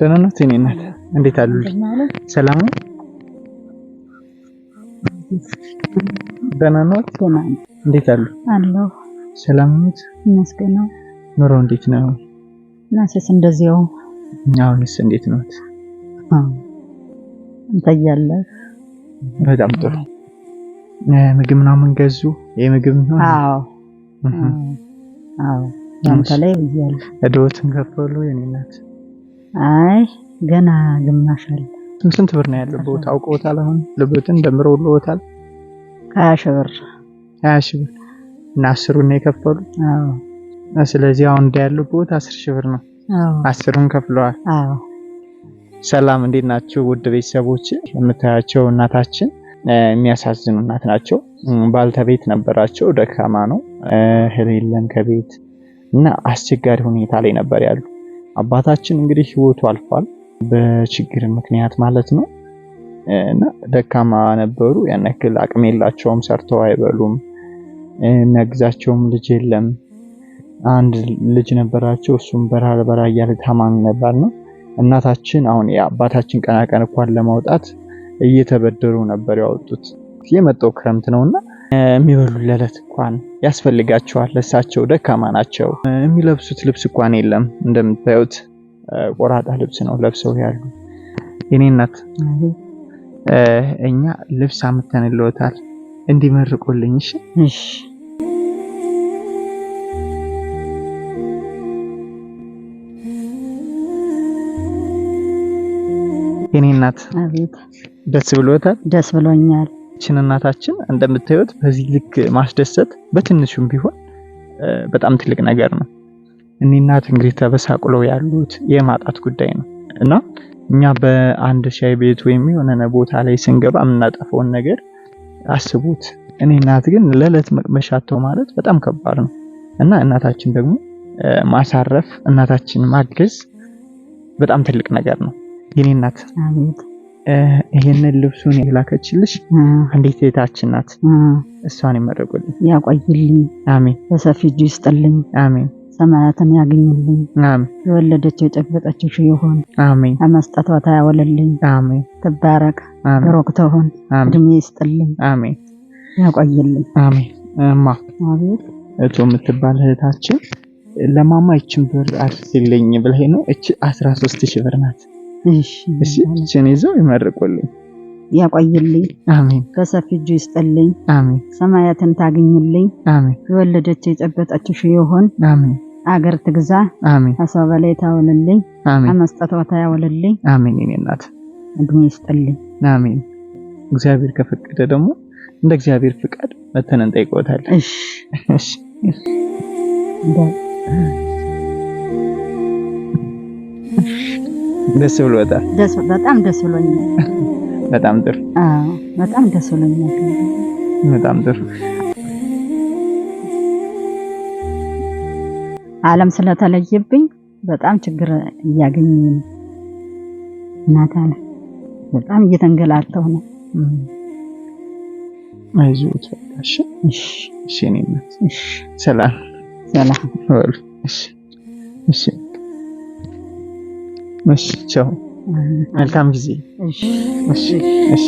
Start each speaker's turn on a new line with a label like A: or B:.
A: ደህና ናት የእኔ እናት? እንዴት አሉ? ሰላም ነው? ደህና ናት? እንዴት አሉ? አለሁ። ሰላም ነው? ይመስገን። ኑሮ እንዴት ነው?
B: እናንተስ? እንደዚያው።
A: አሁንስ እንዴት ነው?
B: እንታያለን።
A: በጣም ጥሩ። ምግብ ምናምን ገዙ? የምግብ ነው?
B: አዎ፣ አዎ። ያንተ ላይ ብያለሁ።
A: እዶትን ከፈሉ የእኔ እናት
B: አይ ገና ግማሽ አለ።
A: ስንት ብር ነው ያለው? ቦታ አውቀውታል? አሁን ልብትን ደምረውልዎታል? ሀያ ሺህ ብር ሀያ ሺህ ብር እና አስሩን ነው የከፈሉ አዎ። ስለዚህ አሁን ያለው ቦታ አስር ሺህ ብር ነው። አስሩን ከፍለዋል። አዎ። ሰላም እንዴት ናቸው ውድ ቤተሰቦች የምታያቸው እናታችን የሚያሳዝኑ እናት ናቸው። ባልተቤት ነበራቸው፣ ደካማ ነው፣ እህል የለም ከቤት እና አስቸጋሪ ሁኔታ ላይ ነበር ያሉ አባታችን እንግዲህ ህይወቱ አልፏል፣ በችግር ምክንያት ማለት ነው። እና ደካማ ነበሩ። ያን ያክል አቅም የላቸውም፣ ሰርተው አይበሉም፣ የሚያግዛቸውም ልጅ የለም። አንድ ልጅ ነበራቸው፣ እሱም በራ በራ እያለ ታማሚ ነበር ነው። እናታችን አሁን የአባታችን ቀናቀን እንኳን ለማውጣት እየተበደሩ ነበር ያወጡት። የመጣው ክረምት ነውና የሚበሉ ለለት እንኳን ያስፈልጋቸዋል። እሳቸው ደካማ ናቸው። የሚለብሱት ልብስ እንኳን የለም። እንደምታዩት ቆራጣ ልብስ ነው ለብሰው ያሉ። የኔ እናት እኛ ልብስ አምተን እንዲመርቁልኝ። እሺ የኔ እናት ደስ ብሎታል።
B: ደስ ብሎኛል።
A: ያችን እናታችን እንደምታዩት በዚህ ልክ ማስደሰት በትንሹም ቢሆን በጣም ትልቅ ነገር ነው። እኔ እናት እንግዲህ ተበሳቁለው ያሉት የማጣት ጉዳይ ነው እና እኛ በአንድ ሻይ ቤት ወይም የሆነ ቦታ ላይ ስንገባ የምናጠፈውን ነገር አስቡት። እኔ እናት ግን ለዕለት መሻተው ማለት በጣም ከባድ ነው እና እናታችን ደግሞ ማሳረፍ፣ እናታችን ማገዝ በጣም ትልቅ ነገር ነው የኔ እናት ይሄንን ልብሱን የላከችልሽ አንዲት እህታችን ናት። እሷን ይመረቁልኝ፣
B: ያቆይልኝ። አሜን። በሰፊ እጁ ይስጥልኝ። አሜን። ሰማያትን ያገኝልኝ። አሜን። የወለደችው የጨበጠችው ሽ ይሁን። አሜን። አመስጠቷ ታያወለልኝ። አሜን። ትባረቅ፣ ብሩክ ትሁን። እድሜ ይስጥልኝ። አሜን። ያቆይልኝ።
A: አሜን። እማ እቶ የምትባል እህታችን ለማማ ይችን ብር አድርስልኝ ብለ ነው። እች አስራ ሶስት ሺህ ብር ናት።
B: እሺ
A: ይዘው ይመርቁልኝ፣
B: ያቆይልኝ። አሜን። ከሰፊ እጁ ይስጠልኝ። አሜን። ሰማያትን ታግኝልኝ። አሜን። የወለደች የጨበጠችው ይሆን። አሜን። አገር ትግዛ። አሜን። ከሰው በላይ ታውልልኝ። አሜን። ከመስጠቷ ታያውልልኝ።
A: አሜን። የእኔ እናት
B: እድሜ ይስጠልኝ።
A: አሜን። እግዚአብሔር ከፈቀደ ደግሞ እንደ እግዚአብሔር ፍቃድ መተን እንጠይቀውታለን። እሺ እሺ ደስ ብሎታል።
B: ደስ በጣም ደስ ብሎኛል። በጣም ጥሩ። አዎ በጣም ደስ ብሎኛል። በጣም ጥሩ። ዓለም ስለተለየብኝ በጣም ችግር እያገኘኝ ነው። እናታ በጣም እየተንገላተው ነው።
A: አይዞት ታሽ
B: እሺ፣ እሺ፣ ሰላም ሰላም።
A: እሺ፣ እሺ መልካም ጊዜ። እሺ እሺ እሺ